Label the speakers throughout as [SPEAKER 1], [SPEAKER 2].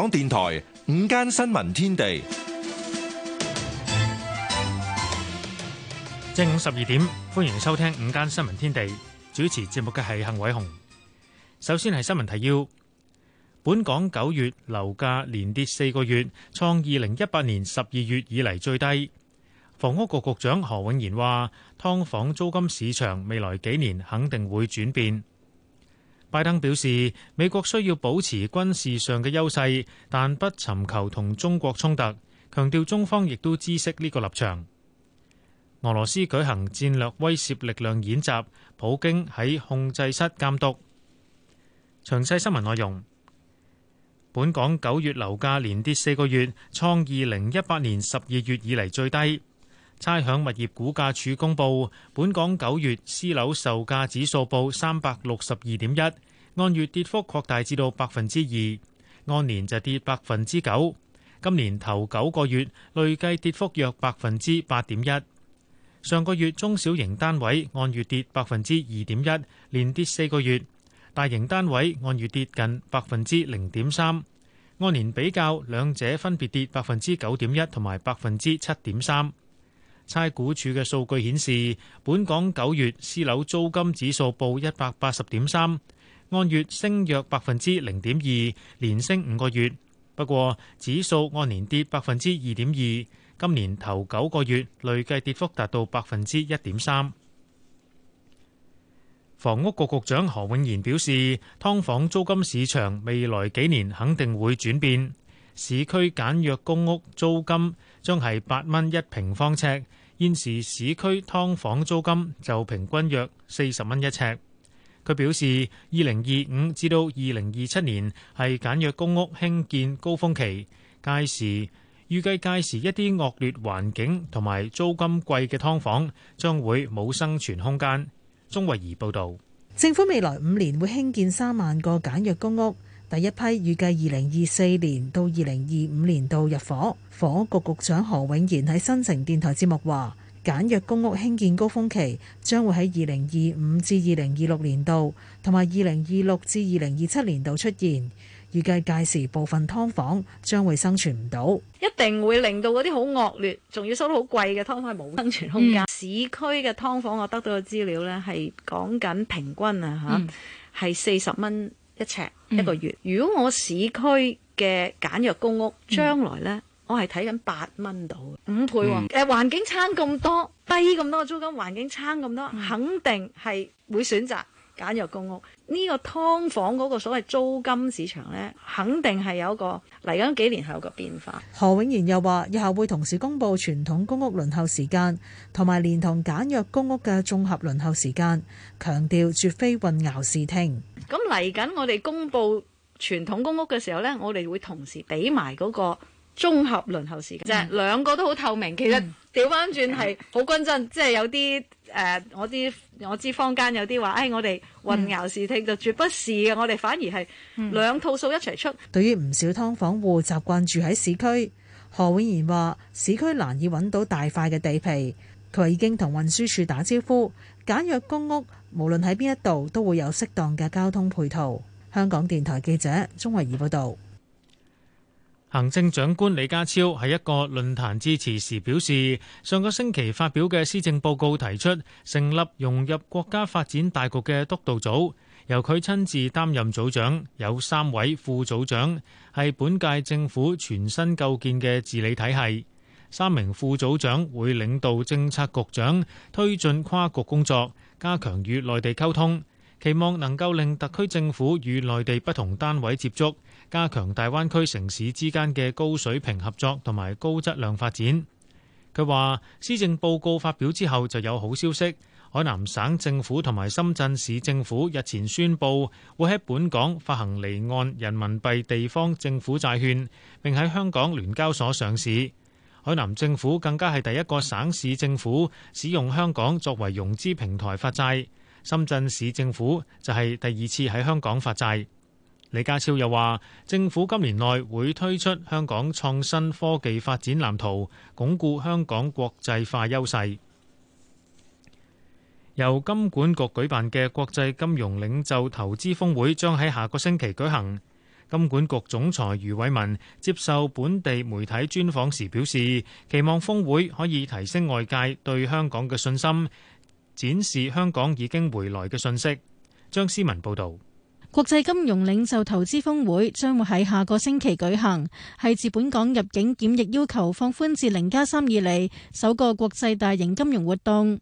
[SPEAKER 1] 香港電台
[SPEAKER 2] 午間新聞天地，
[SPEAKER 3] 正午十二點，歡迎收聽午間新聞天地。主持節目嘅係幸偉雄。首先係新聞提要：本港九月樓價連跌四個月，創二零一八年十二月以嚟最低。房屋局局長何永賢話，劏房租金市場未來幾年肯定會轉變。拜登表示，美國需要保持軍事上嘅優勢，但不尋求同中國衝突，強調中方亦都知悉呢個立場。俄羅斯舉行戰略威懾力量演習，普京喺控制室監督。詳細新聞內容。本港九月樓價連跌四個月，創二零一八年十二月以嚟最低。差餉物業估價署公佈，本港九月私樓售價指數報三百六十二點一，按月跌幅擴大至到百分之二，按年就跌百分之九。今年頭九個月累計跌幅約百分之八點一。上個月中小型單位按月跌百分之二點一，連跌四個月；大型單位按月跌近百分之零點三，按年比較，兩者分別跌百分之九點一同埋百分之七點三。差估署嘅數據顯示，本港九月私樓租金指數報一百八十點三，按月升約百分之零點二，連升五個月。不過，指數按年跌百分之二點二，今年頭九個月累計跌幅達到百分之一點三。房屋局局長何永賢表示，劏房租金市場未來幾年肯定會轉變，市區簡約公屋租金將係八蚊一平方尺。現時市區劏房租金就平均約四十蚊一尺。佢表示，二零二五至到二零二七年係簡約公屋興建高峰期，屆時預計屆時一啲惡劣環境同埋租金貴嘅劏房將會冇生存空間。鍾慧儀報導，
[SPEAKER 4] 政府未來五年會興建三萬個簡約公屋。第一批預計二零二四年到二零二五年度入伙。房屋局局長何永賢喺新城電台節目話：簡約公屋興建高峰期將會喺二零二五至二零二六年度，同埋二零二六至二零二七年度出現。預計屆時部分㓥房將會生存唔到，
[SPEAKER 5] 一定會令到嗰啲好惡劣，仲要收得好貴嘅劏房冇
[SPEAKER 4] 生存空間。
[SPEAKER 5] 嗯、市區嘅劏房，我得到嘅資料呢，係講緊平均啊嚇，係四十蚊。嗯一尺一個月，如果我市區嘅簡約公屋將來呢，我係睇緊八蚊到，五倍喎。環境差咁多，低咁多嘅租金，環境差咁多，肯定係會選擇簡約公屋。嗯、呢個劏房嗰個所謂租金市場呢，肯定係有一個嚟緊幾年係有個
[SPEAKER 4] 變化。何永賢又話，以後會同時公布傳統公屋輪候時間同埋連同簡約公屋嘅綜合輪候時間，強調絕非混淆視聽。
[SPEAKER 5] 咁嚟緊，我哋公布傳統公屋嘅時候呢，我哋會同時俾埋嗰個綜合輪候時間，即係、嗯、兩個都好透明。其實掉返轉係好均真，嗯 okay。即係有啲誒、呃，我啲我知坊間有啲話，誒、哎、我哋混淆視聽就絕不是嘅，我哋反而係兩套數一齊出。
[SPEAKER 4] 對於唔少劏房戶習慣住喺市區，何永賢話市區難以揾到大塊嘅地皮，佢已經同運輸署打招呼。簡約公屋，無論喺邊一度，都會有適當嘅交通配套。香港電台記者鍾慧儀報導。
[SPEAKER 3] 行政長官李家超喺一個論壇致辭時表示，上個星期發表嘅施政報告提出成立融入國家發展大局嘅督導組，由佢親自擔任組長，有三位副組長，係本屆政府全新構建嘅治理體系。三名副組長會領導政策局長推進跨局工作，加強與內地溝通，期望能夠令特區政府與內地不同單位接觸，加強大灣區城市之間嘅高水平合作同埋高質量發展。佢話施政報告發表之後就有好消息，海南省政府同埋深圳市政府日前宣布會喺本港發行離岸人民幣地方政府債券，並喺香港聯交所上市。海南政府更加係第一個省市政府使用香港作為融資平台發債，深圳市政府就係第二次喺香港發債。李家超又話：政府今年內會推出香港創新科技發展藍圖，鞏固香港國際化優勢。由金管局舉辦嘅國際金融領袖投資峰會將喺下個星期舉行。金管局總裁余偉文接受本地媒體專訪時表示，期望峰會可以提升外界對香港嘅信心，展示香港已經回來嘅信息。張思文報道，
[SPEAKER 6] 國際金融領袖投資峰會將會喺下個星期舉行，係自本港入境檢疫要求放寬至零加三以嚟，首個國際大型金融活動。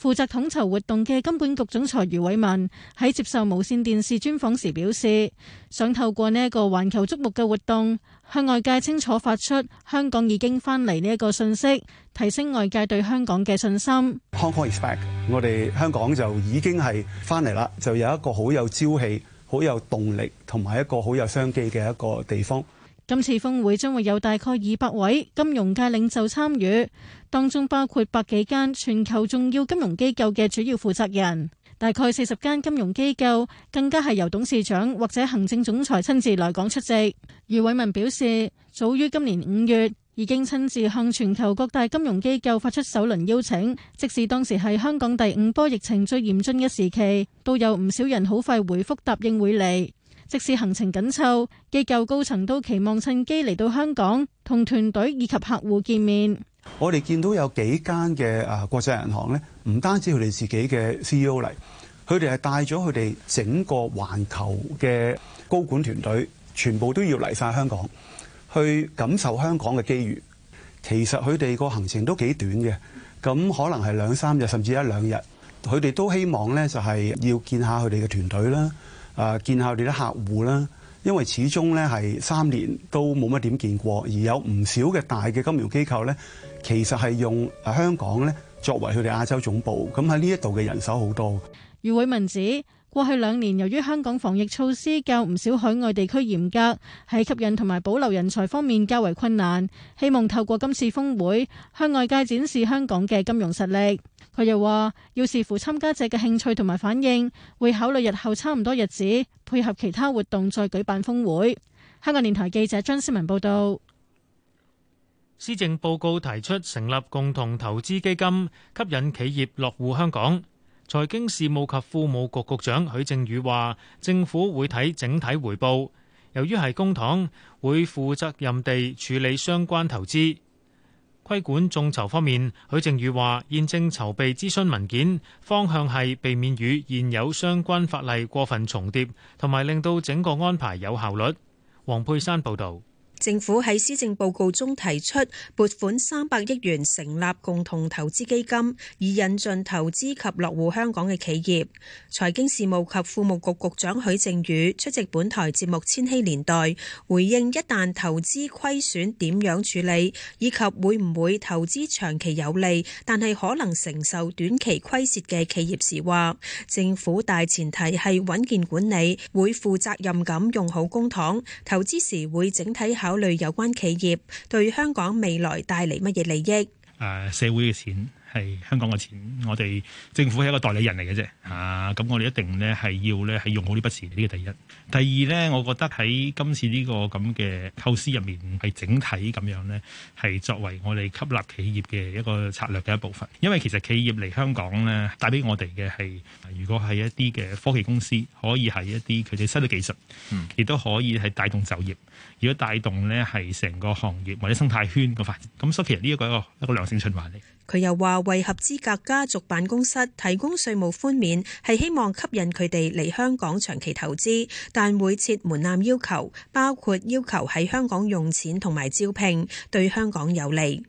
[SPEAKER 6] 負責統籌活動嘅金管局總裁余偉文喺接受無線電視專訪時表示，想透過呢一個環球矚目嘅活動，向外界清楚發出香港已經翻嚟呢一個信息，提升外界對香港嘅信心。
[SPEAKER 7] Hong Kong is back，我哋香港就已經係翻嚟啦，就有一個好有朝氣、好有動力同埋一個好有商機嘅一個地方。
[SPEAKER 6] 今次峰會將會有大概二百位金融界領袖參與，當中包括百幾間全球重要金融機構嘅主要負責人，大概四十間金融機構更加係由董事長或者行政總裁親自來港出席。余偉文表示，早於今年五月已經親自向全球各大金融機構發出首輪邀請，即使當時係香港第五波疫情最嚴峻嘅時期，都有唔少人好快回覆答應會嚟。即使行程緊湊，機構高層都期望趁機嚟到香港，同團隊以及客戶見面。
[SPEAKER 7] 我哋見到有幾間嘅誒國際銀行咧，唔單止佢哋自己嘅 CEO 嚟，佢哋係帶咗佢哋整個環球嘅高管團隊，全部都要嚟晒香港去感受香港嘅機遇。其實佢哋個行程都幾短嘅，咁可能係兩三日，甚至一兩日。佢哋都希望咧，就係要見下佢哋嘅團隊啦。啊，見下我哋啲客戶啦，因為始終咧，係三年都冇乜點見過，而有唔少嘅大嘅金融機構咧，其實係用香港咧作為佢哋亞洲總部，咁喺呢一度嘅人手好多。
[SPEAKER 6] 余偉文指。過去兩年，由於香港防疫措施較唔少海外地區嚴格，喺吸引同埋保留人才方面較為困難。希望透過今次峰會向外界展示香港嘅金融實力。佢又話：要視乎參加者嘅興趣同埋反應，會考慮日後差唔多日子配合其他活動再舉辦峰會。香港電台記者張思文報道。
[SPEAKER 3] 施政報告提出成立共同投資基金，吸引企業落戶香港。財經事務及庫務局局長許正宇話：政府會睇整體回報，由於係公帑，會負責任地處理相關投資。規管眾籌方面，許正宇話：現正籌備諮詢文件，方向係避免與現有相關法例過分重疊，同埋令到整個安排有效率。黃佩珊報道。
[SPEAKER 8] 政府喺施政報告中提出撥款三百億元成立共同投資基金，以引進投資及落戶香港嘅企業。財經事務及庫務局局長許正宇出席本台節目《千禧年代》，回應一旦投資虧損點樣處理，以及會唔會投資長期有利，但係可能承受短期虧蝕嘅企業時話：政府大前提係穩健管理，會負責任咁用好公帑，投資時會整體。考慮有關企業對香港未來帶嚟乜嘢利益。
[SPEAKER 9] 誒、啊，社會嘅錢。係香港嘅錢，我哋政府係一個代理人嚟嘅啫吓。咁、啊、我哋一定呢係要呢係用好呢筆錢呢個第一。第二呢，我覺得喺今次呢個咁嘅構思入面係整體咁樣呢，係作為我哋吸納企業嘅一個策略嘅一部分。因為其實企業嚟香港呢，帶俾我哋嘅係，如果係一啲嘅科技公司，可以係一啲佢哋新嘅技術，亦都可以係帶動就業，如果帶動呢，係成個行業或者生態圈嘅發展，咁所以其實呢一個一個一個良性循環嚟。
[SPEAKER 8] 佢又話：為合資格家族辦公室提供稅務寬免，係希望吸引佢哋嚟香港長期投資，但會設門檻要求，包括要求喺香港用錢同埋招聘，對香港有利。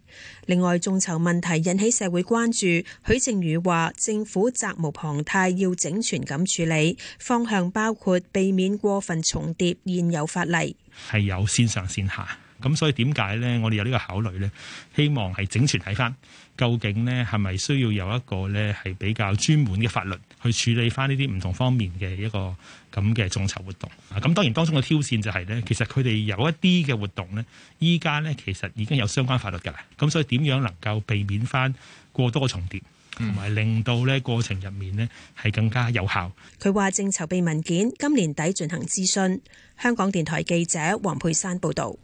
[SPEAKER 8] 另外，眾籌問題引起社會關注，許正宇話：政府責無旁貸，要整全咁處理，方向包括避免過分重疊現有法例，
[SPEAKER 9] 係有線上線下。咁所以點解呢？我哋有呢個考慮呢，希望係整全睇翻究竟呢係咪需要有一個呢係比較專門嘅法律去處理翻呢啲唔同方面嘅一個咁嘅眾籌活動。咁、啊、當然當中嘅挑戰就係、是、呢，其實佢哋有一啲嘅活動呢，依家呢其實已經有相關法律㗎喇。咁、啊、所以點樣能夠避免翻過多重疊，同埋令到呢過程入面呢係更加有效。
[SPEAKER 8] 佢話正籌備文件，今年底進行諮詢。香港電台記者黃佩珊報道。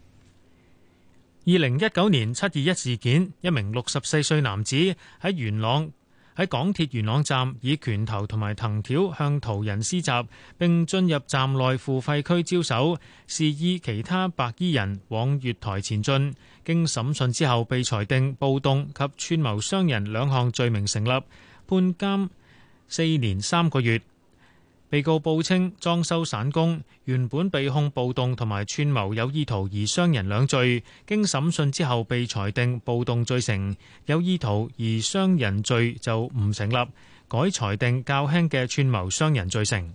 [SPEAKER 3] 二零一九年七二一事件，一名六十四歲男子喺元朗喺港鐵元朗站以拳頭同埋藤條向途人施襲，並進入站內付費區招手示意其他白衣人往月台前進，經審訊之後被裁定暴動及串謀傷人兩項罪名成立，判監四年三個月。被告報稱裝修散工，原本被控暴動同埋串謀有意圖而傷人兩罪，經審訊之後被裁定暴動罪成，有意圖而傷人罪就唔成立，改裁定較輕嘅串謀傷人罪成。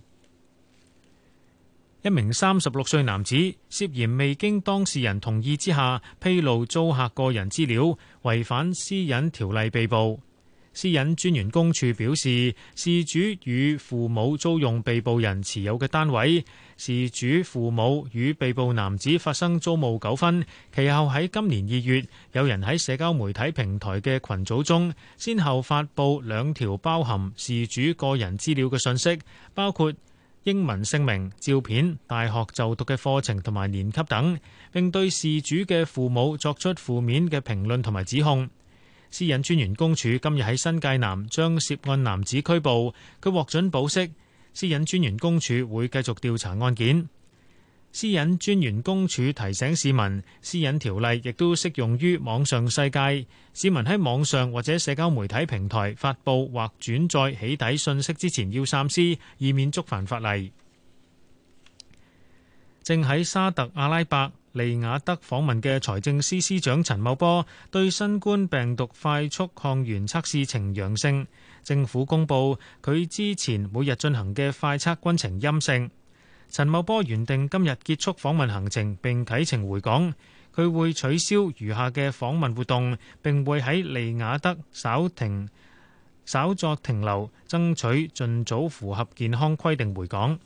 [SPEAKER 3] 一名三十六歲男子涉嫌未經當事人同意之下披露租客個人資料，違反私隱條例被捕。私隱專員公署表示，事主與父母租用被捕人持有嘅單位，事主父母與被捕男子發生租務糾紛，其後喺今年二月，有人喺社交媒體平台嘅群組中，先後發佈兩條包含事主個人資料嘅信息，包括英文姓名、照片、大學就讀嘅課程同埋年級等，並對事主嘅父母作出負面嘅評論同埋指控。私隱專員公署今日喺新界南將涉案男子拘捕，佢獲准保釋。私隱專員公署會繼續調查案件。私隱專員公署提醒市民，私隱條例亦都適用於網上世界。市民喺網上或者社交媒體平台發布或轉載起底信息之前要三思，以免觸犯法例。正喺沙特阿拉伯利雅得訪問嘅財政司司長陳茂波對新冠病毒快速抗原測試呈陽性，政府公佈佢之前每日進行嘅快測均呈陰性。陳茂波原定今日結束訪問行程並啟程回港，佢會取消餘下嘅訪問活動，並會喺利雅得稍停，稍作停留，爭取盡早符合健康規定回港。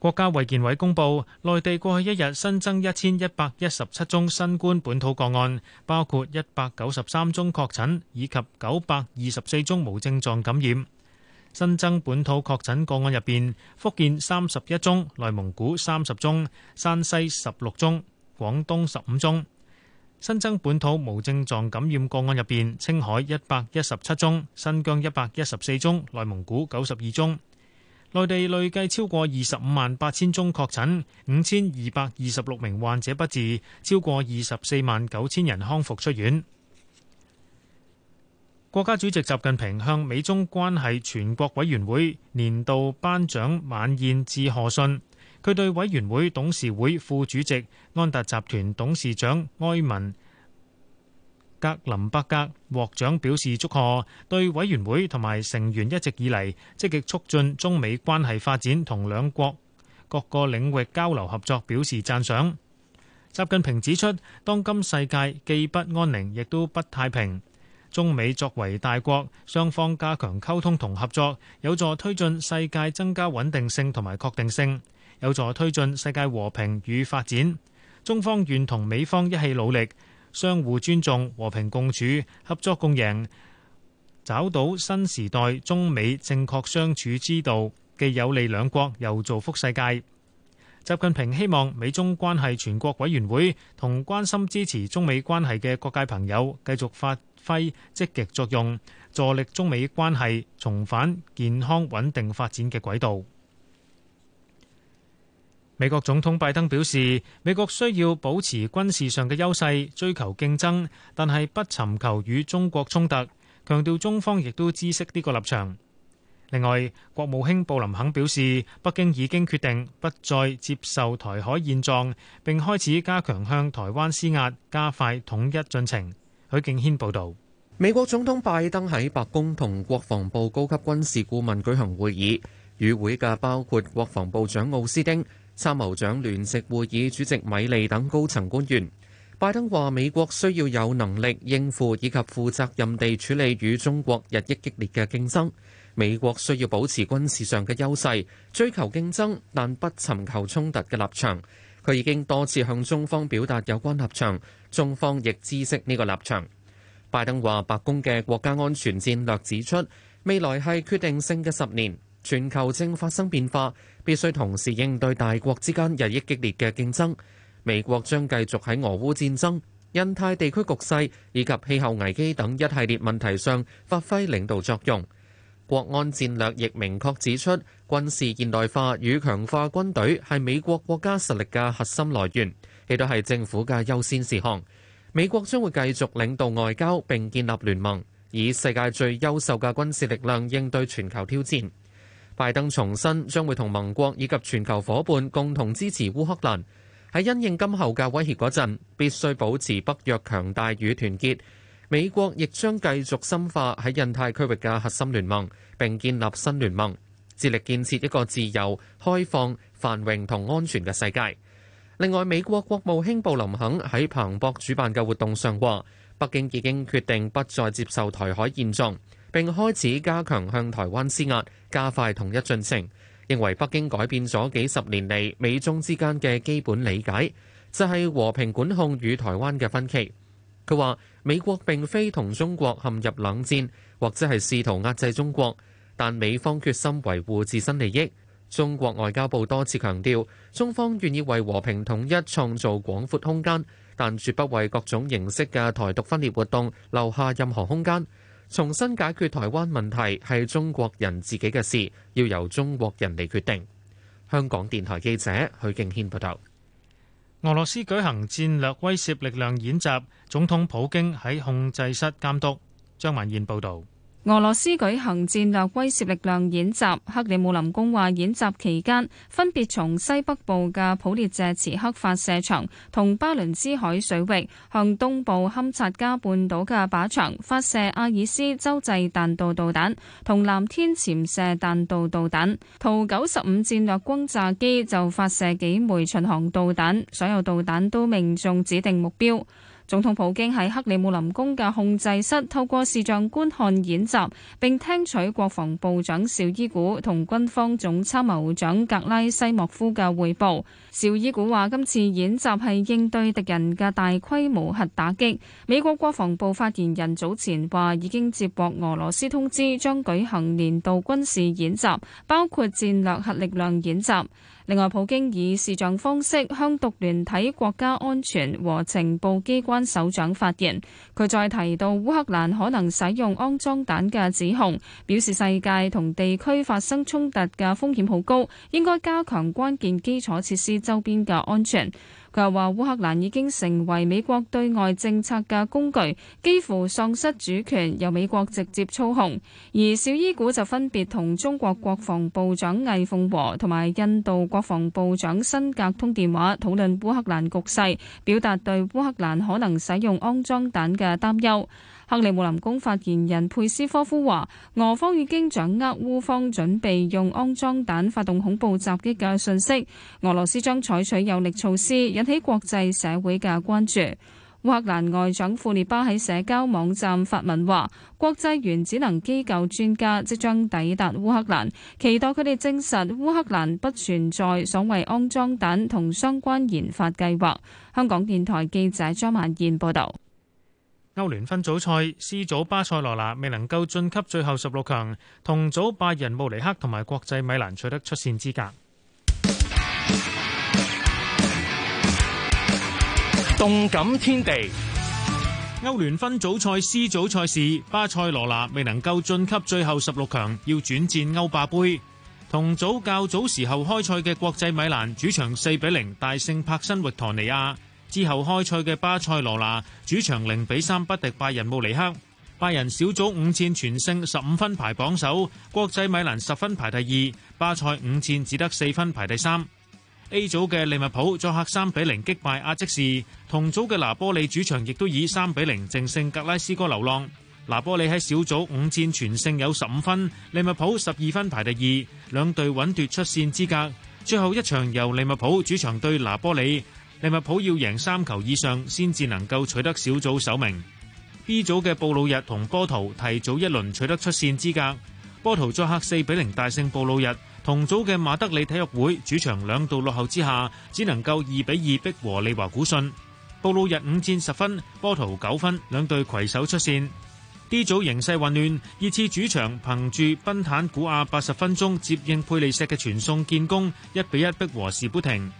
[SPEAKER 3] 國家衛健委公佈，內地過去一日新增一千一百一十七宗新冠本土個案，包括一百九十三宗確診以及九百二十四宗無症狀感染。新增本土確診個案入面，福建三十一宗，內蒙古三十宗，山西十六宗，廣東十五宗。新增本土無症狀感染個案入面，青海一百一十七宗，新疆一百一十四宗，內蒙古九十二宗。內地累計超過二十五萬八千宗確診，五千二百二十六名患者不治，超過二十四萬九千人康復出院。國家主席習近平向美中關係全國委員會年度頒獎晚宴致賀信。佢對委員會董事會副主席、安達集團董事長埃文格林伯格獲獎表示祝賀，對委員會同埋成員一直以嚟積極促進中美關係發展同兩國各個領域交流合作表示讚賞。習近平指出，當今世界既不安寧，亦都不太平。中美作為大國，雙方加強溝通同合作，有助推進世界增加穩定性同埋確定性，有助推進世界和平與發展。中方願同美方一起努力。相互尊重、和平共處、合作共贏，找到新時代中美正確相處之道，既有利兩國，又造福世界。習近平希望美中關係全國委員會同關心支持中美關係嘅各界朋友繼續發揮積極作用，助力中美關係重返健康穩定發展嘅軌道。美國總統拜登表示，美國需要保持軍事上嘅優勢，追求競爭，但係不尋求與中國衝突。強調中方亦都知悉呢個立場。另外，國務卿布林肯表示，北京已經決定不再接受台海現狀，並開始加強向台灣施壓，加快統一進程。許敬軒報道。
[SPEAKER 10] 美國總統拜登喺白宮同國防部高級軍事顧問舉行會議，與會嘅包括國防部長奧斯汀。參謀長聯席會議主席米利等高層官員，拜登話：美國需要有能力應付以及負責任地處理與中國日益激烈嘅競爭。美國需要保持軍事上嘅優勢，追求競爭但不尋求衝突嘅立場。佢已經多次向中方表達有關立場，中方亦知悉呢個立場。拜登話：白宮嘅國家安全戰略指出，未來係決定性嘅十年，全球正發生變化。必須同時應對大國之間日益激烈嘅競爭。美國將繼續喺俄烏戰爭、印太地區局勢以及氣候危機等一系列問題上發揮領導作用。國安戰略亦明確指出，軍事現代化與強化軍隊係美國國家實力嘅核心來源，亦都係政府嘅優先事項。美國將會繼續領導外交並建立聯盟，以世界最優秀嘅軍事力量應對全球挑戰。拜登重申將會同盟國以及全球伙伴共同支持烏克蘭，喺因應今後嘅威脅嗰陣，必須保持北約強大與團結。美國亦將繼續深化喺印太區域嘅核心聯盟，並建立新聯盟，致力建設一個自由、開放、繁榮同安全嘅世界。另外，美國國務卿布林肯喺彭博主辦嘅活動上話，北京已經決定不再接受台海現狀。並開始加強向台灣施壓，加快統一進程。認為北京改變咗幾十年嚟美中之間嘅基本理解，就係和平管控與台灣嘅分歧。佢話：美國並非同中國陷入冷戰，或者係試圖壓制中國，但美方決心維護自身利益。中國外交部多次強調，中方願意為和平統一創造廣闊空間，但絕不為各種形式嘅台獨分裂活動留下任何空間。重新解決台灣問題係中國人自己嘅事，要由中國人嚟決定。香港電台記者許敬軒報導。
[SPEAKER 3] 俄羅斯舉行戰略威懾力量演習，總統普京喺控制室監督。張文燕報導。
[SPEAKER 11] 俄羅斯舉行戰略威懾力量演習，克里姆林宮話演習期間，分別從西北部嘅普列謝茨克發射場同巴倫支海水域，向東部堪察加半島嘅靶場發射阿爾斯洲際彈道導彈同藍天潛射彈道導彈。圖九十五戰略轟炸機就發射幾枚巡航導彈，所有導彈都命中指定目標。總統普京喺克里姆林宮嘅控制室透過視像觀看演習，並聽取國防部長邵伊古同軍方總參謀長格拉西莫夫嘅彙報。邵伊古話，今次演習係應對敵人嘅大規模核打擊。美國國防部發言人早前話已經接獲俄羅斯通知，將舉行年度軍事演習，包括戰略核力量演習。另外，普京以視像方式向獨聯體國家安全和情報機關首長發言，佢再提到烏克蘭可能使用骯髒彈嘅指控，表示世界同地區發生衝突嘅風險好高，應該加強關鍵基礎設施周邊嘅安全。佢話：烏克蘭已經成為美國對外政策嘅工具，幾乎喪失主權，由美國直接操控。而紹伊古就分別同中國國防部長魏鳳和同埋印度國防部長辛格通電話，討論烏克蘭局勢，表達對烏克蘭可能使用骯髒彈嘅擔憂。克里姆林宮發言人佩斯科夫話，俄方已經掌握烏方準備用安裝彈發動恐怖襲擊嘅訊息，俄羅斯將採取有力措施，引起國際社會嘅關注。烏克蘭外長庫列巴喺社交網站發文話，國際原子能機構專家即將抵達烏克蘭，期待佢哋證實烏克蘭不存在所謂安裝彈同相關研發計劃。香港電台記者張曼燕報道。
[SPEAKER 3] 歐聯分組賽，C 組巴塞羅那未能夠晉級最後十六強，同組拜仁慕尼黑同埋國際米蘭取得出線資格。
[SPEAKER 10] 動
[SPEAKER 3] 感天地，歐聯分組賽 C 組賽事，巴塞羅那未能夠晉級最後十六強，要轉戰歐霸杯。同組較早時候開賽嘅國際米蘭主場四比零大勝柏辛維托尼亞。之後開賽嘅巴塞羅那主場零比三不敵拜仁慕尼黑，拜仁小組五戰全勝，十五分排榜首，國際米蘭十分排第二，巴塞五戰只得四分排第三。A 組嘅利物浦作客三比零擊敗阿積士，同組嘅拿波里主場亦都以三比零淨勝格拉斯哥流浪，拿波里喺小組五戰全勝有十五分，利物浦十二分排第二，兩隊穩奪出線資格。最後一場由利物浦主場對拿波里。利物浦要贏三球以上先至能夠取得小組首名。B 組嘅布魯日同波圖提早一輪取得出線資格。波圖作客四比零大勝布魯日。同組嘅馬德里體育會主場兩度落後之下，只能夠二比二逼和利華古信。布魯日五戰十分，波圖九分，兩隊攜手出線。D 組形勢混亂，熱刺主場憑住賓坦古亞八十分鐘接應佩利錫嘅傳送建功，一比一逼和士砵亭。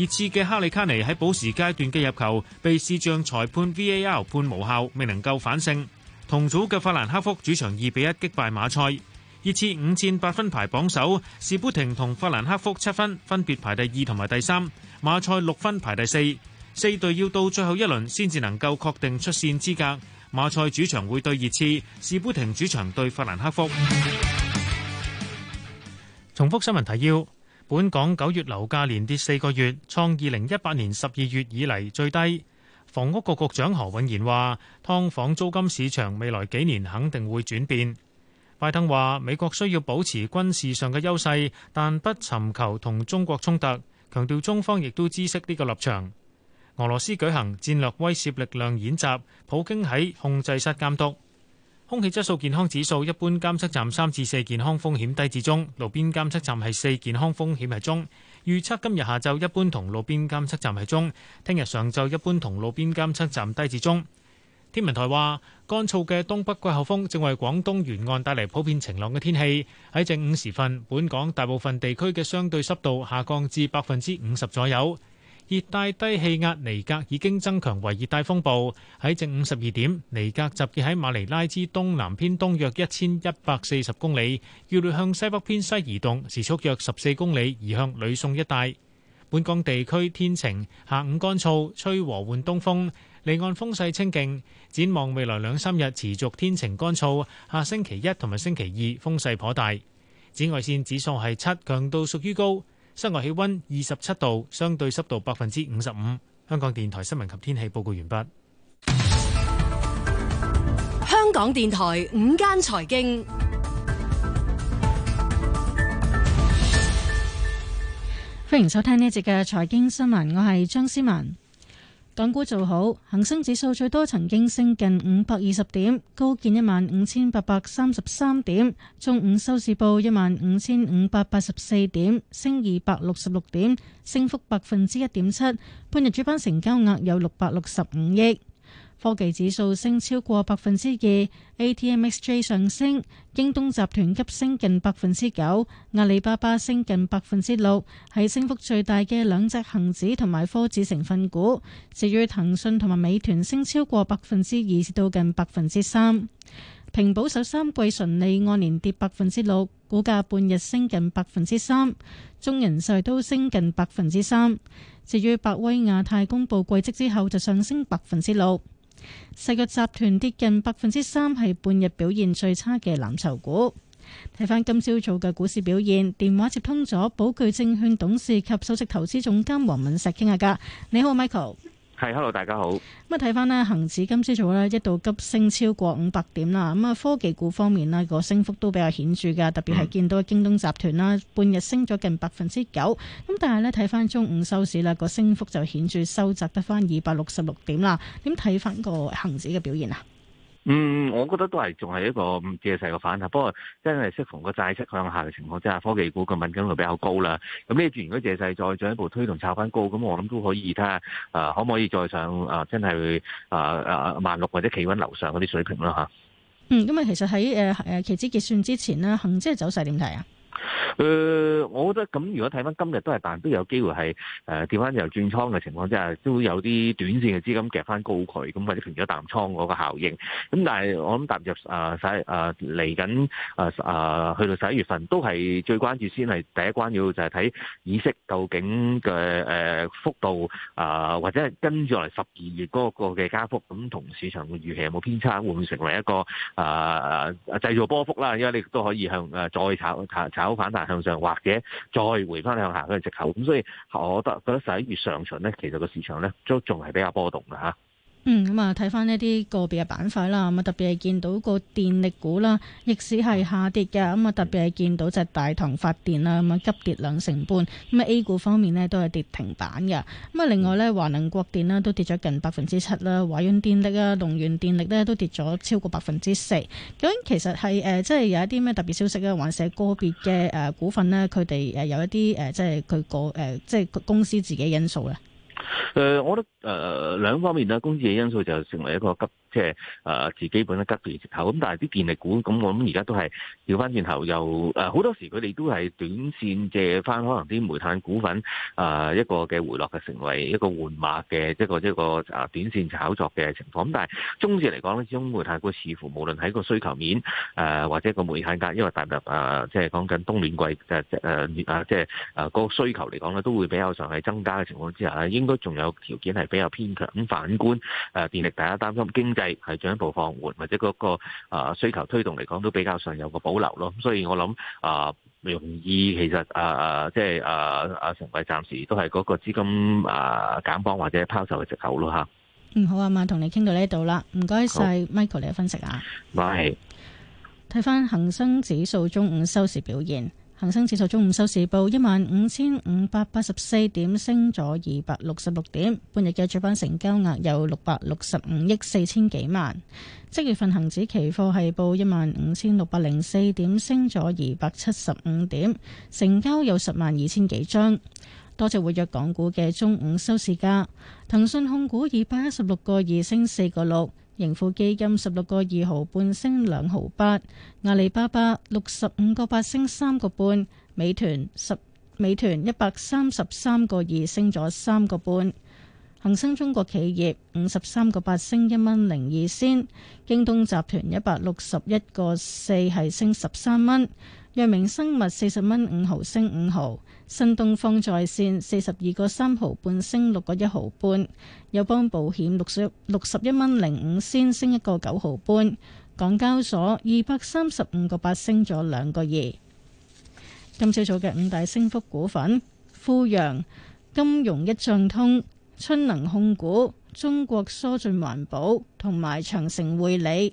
[SPEAKER 3] 熱刺嘅哈利卡尼喺補時階段嘅入球被視像裁判 VAR 判無效，未能夠反勝。同組嘅法蘭克福主場二比一擊敗馬賽。熱刺五戰八分排榜首，士砵亭同法蘭克福七分，分別排第二同埋第三。馬賽六分排第四。四隊要到最後一輪先至能夠確定出線資格。馬賽主場會對熱刺，士砵亭主場對法蘭克福。重複新聞提要。本港九月樓價連跌四個月，創二零一八年十二月以嚟最低。房屋局局長何永賢話，劏房租金市場未來幾年肯定會轉變。拜登話，美國需要保持軍事上嘅優勢，但不尋求同中國衝突，強調中方亦都知悉呢個立場。俄羅斯舉行戰略威懾力量演習，普京喺控制室監督。空氣質素健康指數一般監測站三至四，健康風險低至中，路邊監測站係四，健康風險係中。預測今日下晝一般同路邊監測站係中，聽日上晝一般同路邊監測站低至中。天文台話，乾燥嘅東北季候風正為廣東沿岸帶嚟普遍晴朗嘅天氣。喺正午時分，本港大部分地區嘅相對濕度下降至百分之五十左右。熱帶低氣壓尼格已經增強為熱帶風暴，喺正午十二點，尼格集結喺馬尼拉之東南偏東約一千一百四十公里，預料向西北偏西移動，時速約十四公里，移向呂宋一帶。本港地區天晴，下午乾燥，吹和緩東風，離岸風勢清勁。展望未來兩三日持續天晴乾燥，下星期一同埋星期二風勢頗大。紫外線指數係七，強度屬於高。室外氣溫二十七度，相對濕度百分之五十五。香港電台新聞及天氣報告完畢。
[SPEAKER 6] 香港電台午間財經， 歡迎收聽呢一節嘅財經新聞，我係張思文。港股做好，恒生指數最多曾經升近五百二十點，高見一萬五千八百三十三點。中午收市報一萬五千五百八十四點，升二百六十六點，升幅百分之一點七。半日主板成交額有六百六十五億。科技指數升超過百分之二，A T M X J 上升，京東集團急升近百分之九，阿里巴巴升近百分之六，係升幅最大嘅兩隻恒指同埋科指成分股。至於騰訊同埋美團升超過百分之二，至到近百分之三。平保首三季純利按年跌百分之六，股價半日升近百分之三，中人壽都升近百分之三。至於百威亞太公布季績之後，就上升百分之六。世界集團跌近百分之三，係半日表現最差嘅藍籌股。睇返今朝早嘅股市表現，電話接通咗寶钜證券董事及首席投資總監黃敏石傾下偈。你好，Michael。
[SPEAKER 3] Hello，大家好。
[SPEAKER 6] 咁啊，睇翻咧，恒指今朝早咧一度急升超過五百點啦。咁啊，科技股方面咧，個升幅都比較顯著噶，特別係見到京東集團啦，半日升咗近百分之九。咁但係咧，睇翻中午收市啦，個升幅就顯著收窄得翻，二百六十六點啦。點睇翻個恒指嘅表現啊？
[SPEAKER 2] 嗯，我覺得都係仲係一個借勢嘅反彈，不過真係適逢個債息向下嘅情況之下，科技股嘅敏感度比較高啦。咁呢住，如果借勢再進一步推動炒翻高，咁我諗都可以睇下，誒、啊、可唔可以再上誒真係誒誒萬六或者企穩樓上嗰啲水平啦吓。嗯，
[SPEAKER 6] 咁啊其實喺誒誒期指結算之前咧，恒指嘅走勢點睇啊？
[SPEAKER 2] 誒、呃，我覺得咁，如果睇翻今日都係，但都有機會係誒跌翻又轉倉嘅情況之下，都會有啲短線嘅資金夾翻高佢，咁或者平咗淡倉嗰個效應。咁但係我諗踏入啊十一嚟緊啊緊啊去到十一月份，都係最關注先係第一關，要就係睇議息究竟嘅誒幅度啊，或者係跟住落嚟十二月嗰那個嘅加幅，咁那同個嗯、市場嘅預期有冇偏差，會唔會成為一個啊製啊、造波幅啦？因為你都可以向誒、啊、再炒炒炒。炒炒反彈向上，或者再回翻向下嘅直口。咁所以我得覺得十一月上旬咧，其實個市場咧都仲係比較波動嘅嚇。
[SPEAKER 6] 嗯，咁啊，睇翻呢啲個別嘅板塊啦，咁啊，特別係見到個電力股啦，逆市係下跌嘅，咁啊，特別係見到隻大唐發電啦，咁啊急跌兩成半，咁啊 A 股方面呢，都係跌停板嘅，咁啊，另外呢，華能國電啦都跌咗近百分之七啦，華潤電力啦、龍源電力呢，都跌咗超過百分之四，究竟其實係誒、呃，即係有一啲咩特別消息咧，還是個別嘅誒股份呢，佢哋誒有一啲誒、呃，即係佢個誒、呃，即係公司自己因素咧？
[SPEAKER 2] 誒，我覺得誒兩方面咧，工資嘅因素就成為一個即係誒，自己本身急跌後，咁但係啲電力股，咁我諗而家都係調翻轉頭，又誒好多時佢哋都係短線借翻，可能啲煤炭股份誒一個嘅回落嘅成為一個換碼嘅一個一個誒短線炒作嘅情況。咁但係中線嚟講咧，始終煤炭股似乎無論喺個需求面誒或者個煤炭價，因為踏入誒即係講緊冬暖季誒誒即係誒個需求嚟講咧，都會比較上係增加嘅情況之下咧，應該仲有條件係比較偏強。咁反觀誒電力，大家擔心經濟。係係進一步放緩，或者嗰個啊需求推動嚟講，都比較上有個保留咯。所以我諗啊、呃，容易其實啊啊，即係啊啊，成貴暫時都係嗰個資金啊、呃、減磅或者拋售嘅藉口咯吓，
[SPEAKER 6] 嗯，好啊，馬同你傾到呢度啦，唔該晒 Michael 你嘅分析啊。
[SPEAKER 2] 唔係，
[SPEAKER 6] 睇翻恒生指數中午收市表現。恒生指數中午收市報一萬五千五百八十四點，升咗二百六十六點。半日嘅主板成交額有六百六十五億四千幾萬。即月份恒指期貨係報一萬五千六百零四點，升咗二百七十五點，成交有十萬二千幾張。多隻活躍港股嘅中午收市價，騰訊控股二百一十六個二升四個六。盈富基金十六個二毫半升兩毫八，阿里巴巴六十五個八升三個半，美團十美團一百三十三個二升咗三個半，恒生中國企業五十三個八升一蚊零二仙，京東集團一百六十一個四係升十三蚊。藥明生物四十蚊五毫升五毫，新東方在線四十二個三毫半升六個一毫半，友邦保險六十六十一蚊零五仙升一個九毫半，港交所二百三十五個八升咗兩個二。今朝早嘅五大升幅股份：富陽金融、一賬通、春能控股、中國疏浚環保同埋長城匯理。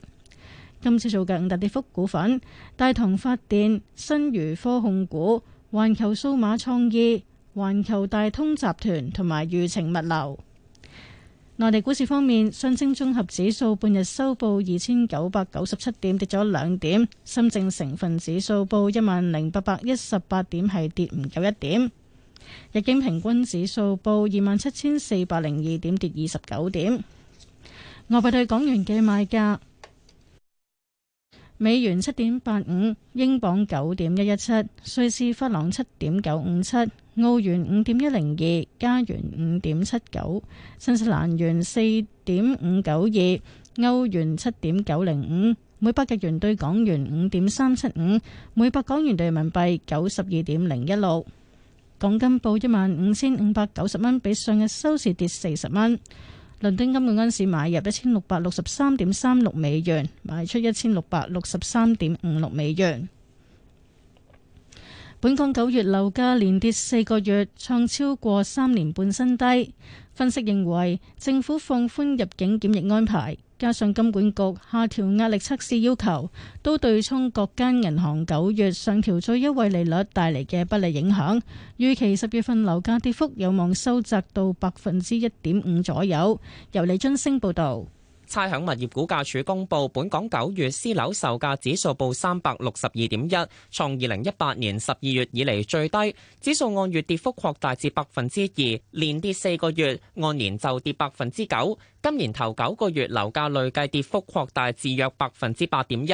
[SPEAKER 6] 今次做嘅五大跌幅股份：大同發電、新余科控股、環球數碼創意、環球大通集團同埋譽程物流。內地股市方面，上證綜合指數半日收報二千九百九十七點，跌咗兩點；深證成分指數報一萬零八百一十八點，係跌唔夠一點；日經平均指數報二萬七千四百零二點，跌二十九點。外幣對港元嘅賣價。美元七點八五，英鎊九點一一七，瑞士法郎七點九五七，澳元五點一零二，加元五點七九，新西蘭元四點五九二，歐元七點九零五，每百日元兌港元五點三七五，每百港元兌人民幣九十二點零一六。港金報一萬五千五百九十蚊，比上日收市跌四十蚊。倫敦金嘅安士買入一千六百六十三點三六美元，賣出一千六百六十三點五六美元。本港九月樓價連跌四個月，創超過三年半新低。分析認為，政府放寬入境檢疫安排，加上金管局下調壓力測試要求，都對沖各間銀行九月上調最優惠利率帶嚟嘅不利影響。預期十月份樓價跌幅有望收窄到百分之一點五左右。由李津升報道。
[SPEAKER 1] 差餉物業估價署公佈，本港九月私樓售價指數報三百六十二點一，創二零一八年十二月以嚟最低。指數按月跌幅擴大至百分之二，連跌四個月，按年就跌百分之九。今年頭九個月樓價累計跌幅擴大至約百分之八點一。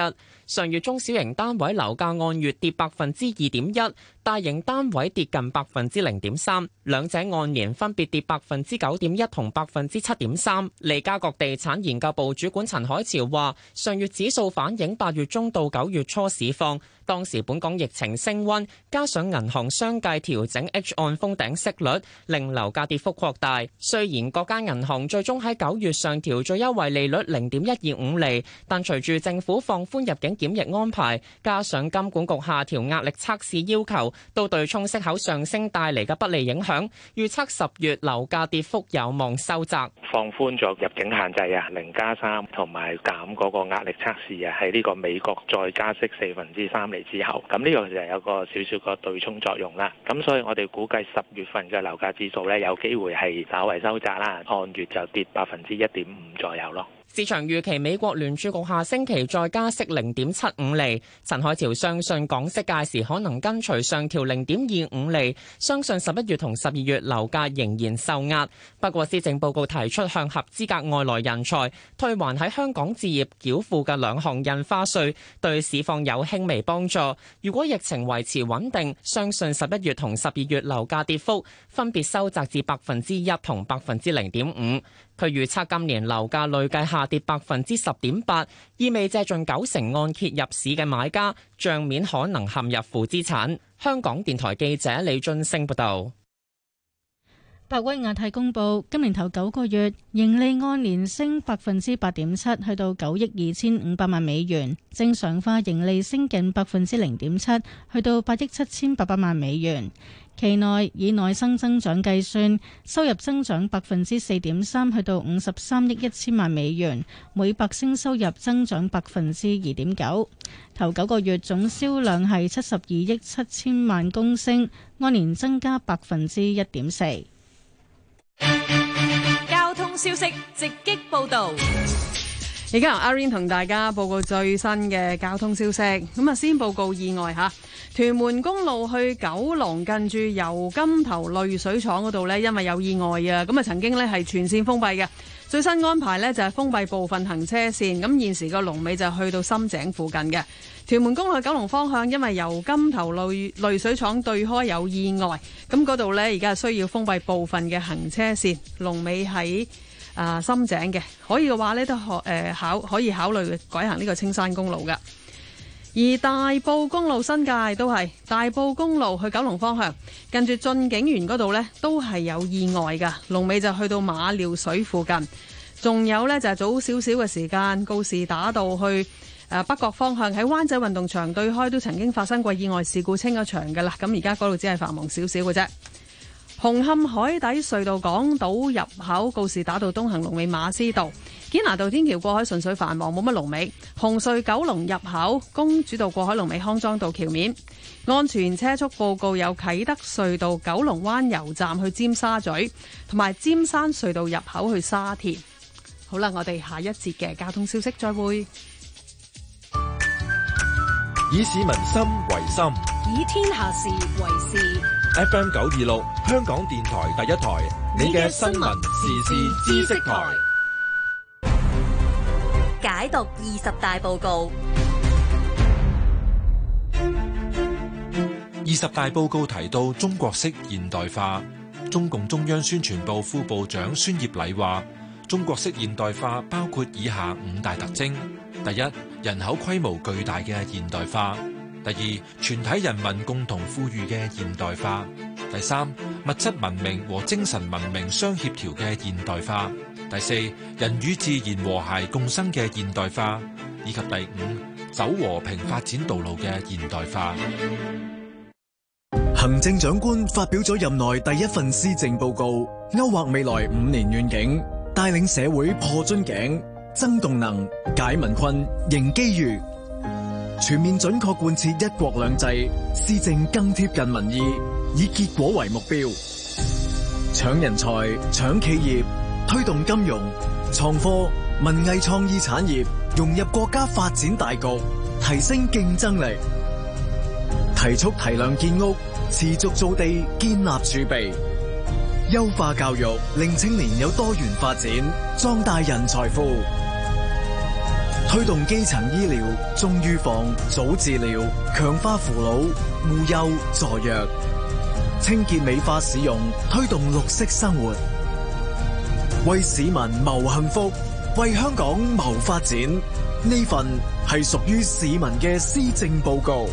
[SPEAKER 1] 上月中小型單位樓價按月跌百分之二點一。大型單位跌近百分之零點三，兩者按年分別跌百分之九點一同百分之七點三。利嘉閣地產研究部主管陳海潮話：上月指數反映八月中到九月初市況。當時本港疫情升溫，加上銀行相繼調整 h 按封頂息率，令樓價跌幅擴大。雖然各間銀行最終喺九月上調最優惠利率零點一二五釐，但隨住政府放寬入境檢疫安排，加上金管局下調壓力測試要求，都對沖息口上升帶嚟嘅不利影響，預測十月樓價跌幅有望收窄。
[SPEAKER 2] 放寬咗入境限制啊，零加三，同埋減嗰個壓力測試啊，喺呢個美國再加息四分之三嚟之後，咁呢個其實有個少少個對沖作用啦。咁所以，我哋估計十月份嘅樓價指數呢，有機會係稍為收窄啦，按月就跌百分之一點
[SPEAKER 12] 五左右咯。
[SPEAKER 1] 市場預期美國聯儲局下星期再加息零點七五厘。陳海潮相信港息屆時可能跟隨上調零點二五厘，相信十一月同十二月樓價仍然受壓。不過，施政報告提出向合資格外來人才退還喺香港置業繳付嘅兩項印花稅，對市況有輕微幫助。如果疫情維持穩定，相信十一月同十二月樓價跌幅分別收窄至百分之一同百分之零點五。佢預測今年樓價累計下跌百分之十點八，意味借盡九成按揭入市嘅買家，帳面可能陷入負資產。香港電台記者李俊升報道，
[SPEAKER 6] 百威亞太公布今年頭九個月盈利按年升百分之八點七，去到九億二千五百萬美元，正常化盈利升近百分之零點七，去到八億七千八百萬美元。期內以內生增長計算，收入增長百分之四點三，去到五十三億一千萬美元，每百升收入增長百分之二點九。頭九個月總銷量係七十二億七千萬公升，按年增加百
[SPEAKER 13] 分之一點四。交通消息直擊報道。而家由阿 rain 同大家報告最新嘅交通消息。咁啊，先報告意外吓，屯門公路去九龍近住油柑頭濾水廠嗰度咧，因為有意外啊。咁啊，曾經咧係全線封閉嘅。最新安排咧就係封閉部分行車線。咁現時個龍尾就係去到深井附近嘅屯門公路九龍方向，因為油柑頭濾濾水廠對開有意外，咁嗰度咧而家需要封閉部分嘅行車線，龍尾喺。啊，深井嘅可以嘅話呢，都可誒、呃、考可以考慮改行呢個青山公路噶而大埔公路新界都係大埔公路去九龍方向，近住駿景園嗰度呢都係有意外噶龍尾就去到馬料水附近，仲有呢就係、是、早少少嘅時間，告士打道去誒、啊、北角方向喺灣仔運動場對開都曾經發生過意外事故清咗場噶啦，咁而家嗰度只係繁忙少少嘅啫。紅磡海底隧道港島入口告士打道東行龍尾馬師道，堅拿道天橋過海純粹繁忙，冇乜龍尾。紅隧九龍入口公主道過海龍尾康莊道橋面，安全車速報告有啟德隧道九龍灣油站去尖沙咀，同埋尖山隧道入口去沙田。好啦，我哋下一節嘅交通消息，再會。
[SPEAKER 12] 以市民心為心，
[SPEAKER 13] 以天下
[SPEAKER 8] 事為事。
[SPEAKER 12] FM 九二六，26, 香港電台第一台，你嘅新聞時事知識台，
[SPEAKER 10] 解讀二十大報告。
[SPEAKER 2] 二十大報告提到中國式現代化，中共中央宣傳部副部長孫業禮話，中國式現代化包括以下五大特徵，第一，人口規模巨大嘅現代化。第二，全體人民共同富裕嘅現代化；第三，物質文明和精神文明相協調嘅現代化；第四，人與自然和諧共生嘅現代化；以及第五，走和平發展道
[SPEAKER 12] 路嘅現代化。行政長官發表咗任內第一份施政報告，勾畫未來五年願景，帶領社會破樽頸、增動能、解民困、迎機遇。全面準確貫徹一國兩制，施政更貼近民意，以結果為目標。搶人才、搶企業，推動金融、創科、文藝創意產業融入國家發展大局，提升競爭力。提速提量建屋，持續造地，建立儲備，優化教育，令青年有多元發展，壯大人才庫。推動基層醫療，重預防、早治療，強化扶老、護幼助弱，清潔美化市容，推動綠色生活，為市民謀幸福，為香港謀發展。呢份係屬於市民嘅施政報告。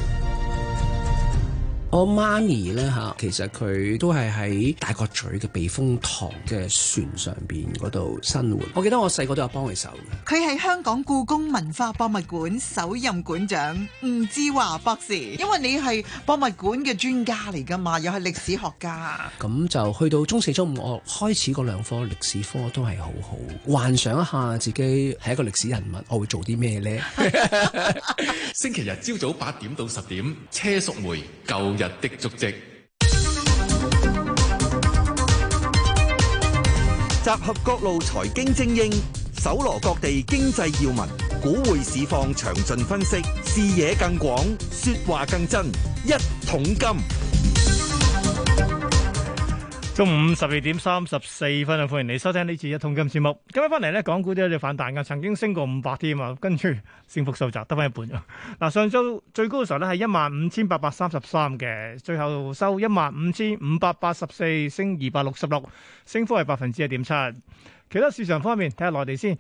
[SPEAKER 12] 我媽咪咧嚇，其實佢都係喺大角咀嘅避風塘嘅船上面嗰度生活。我記得我細個都有幫佢手嘅。佢係香港故宮文化博物館首任館長吳志華博士。因為你係博物館嘅專家嚟㗎嘛，又係歷史學家。咁就去到中四中五，我開始嗰兩科歷史科都係好好。幻想一下自己係一個歷史人物，我會做啲咩咧？
[SPEAKER 10] 星期日朝早八點到十點，車淑梅舊日的足跡，集合各路財經精英，搜羅各地經濟要聞，股匯市況詳盡分析，視野更廣，説話更真，一桶金。
[SPEAKER 3] 中午十二點三十四分啊，歡迎你收聽呢次一通金節目。今日翻嚟呢，港股都有只反彈噶曾經升過五百添啊，跟住，升幅收窄得翻一半咋。嗱，上周最高嘅時候呢係一萬五千八百三十三嘅，最後收一萬五千五百八十四，
[SPEAKER 7] 升二百六十六，升幅係百分之一點七。其他市場方面，睇下內地先。